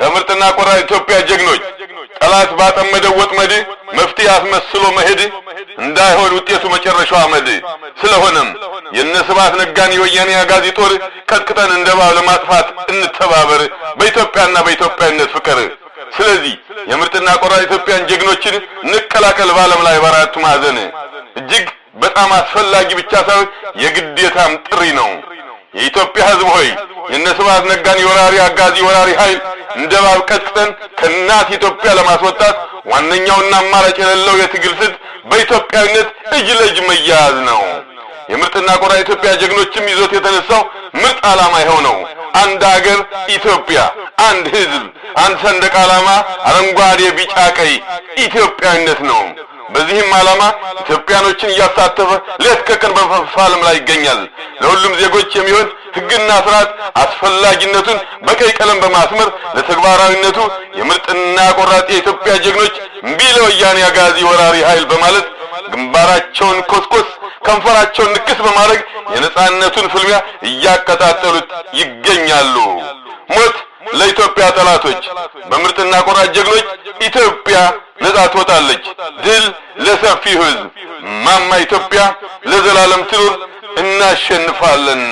ከምርጥና ቆራ ኢትዮጵያ ጀግኖች ጠላት ባጠመደው ወጥመድ መፍትሄ አስመስሎ መሄድ እንዳይሆን ውጤቱ መጨረሻው አመድ። ስለሆነም የነ ስብሐት ነጋን የወያኔ አጋዚ ጦር ቀጥቅጠን እንደባብ ለማጥፋት እንተባበር በኢትዮጵያና በኢትዮጵያነት ፍቅር። ስለዚህ የምርጥና ቆራ ኢትዮጵያን ጀግኖችን እንቀላቀል በዓለም ላይ በአራቱ ማዕዘን እጅግ በጣም አስፈላጊ ብቻ ሳይሆን የግዴታም ጥሪ ነው። የኢትዮጵያ ሕዝብ ሆይ የነ ስብሀት የወራሪ አጋዚ ወራሪ ኃይል እንደ እባብ ቀጥቅጠን ከእናት ኢትዮጵያ ለማስወጣት ዋነኛውና አማራጭ የሌለው የትግል ስልት በኢትዮጵያዊነት እጅ ለእጅ መያያዝ ነው። የምርጥና ቆራ ኢትዮጵያ ጀግኖችም ይዞት የተነሳው ምርጥ ዓላማ ይኸው ነው። አንድ አገር ኢትዮጵያ፣ አንድ ህዝብ፣ አንድ ሰንደቅ ዓላማ፣ አረንጓዴ፣ ቢጫ፣ ቀይ ኢትዮጵያዊነት ነው። በዚህም ዓላማ ኢትዮጵያኖችን እያሳተፈ ሌት ከቀን በመፋለም ላይ ይገኛል። ለሁሉም ዜጎች የሚሆን ህግና ስርዓት አስፈላጊነቱን በቀይ ቀለም በማስመር ለተግባራዊነቱ የምርጥና ቆራጥ የኢትዮጵያ ጀግኖች እምቢ ለወያኔ አጋዚ ወራሪ ኃይል በማለት ግንባራቸውን ኮስኮስ ከንፈራቸውን ንክስ በማድረግ የነጻነቱን ፍልሚያ እያቀጣጠሉት ይገኛሉ። ሞት ለኢትዮጵያ ጠላቶች! በምርጥና ቆራጥ ጀግኖች ኢትዮጵያ ነጻ ትወጣለች። ድል ለሰፊው ህዝብ! ማማ ኢትዮጵያ ለዘላለም ትኑር! እናሸንፋለን።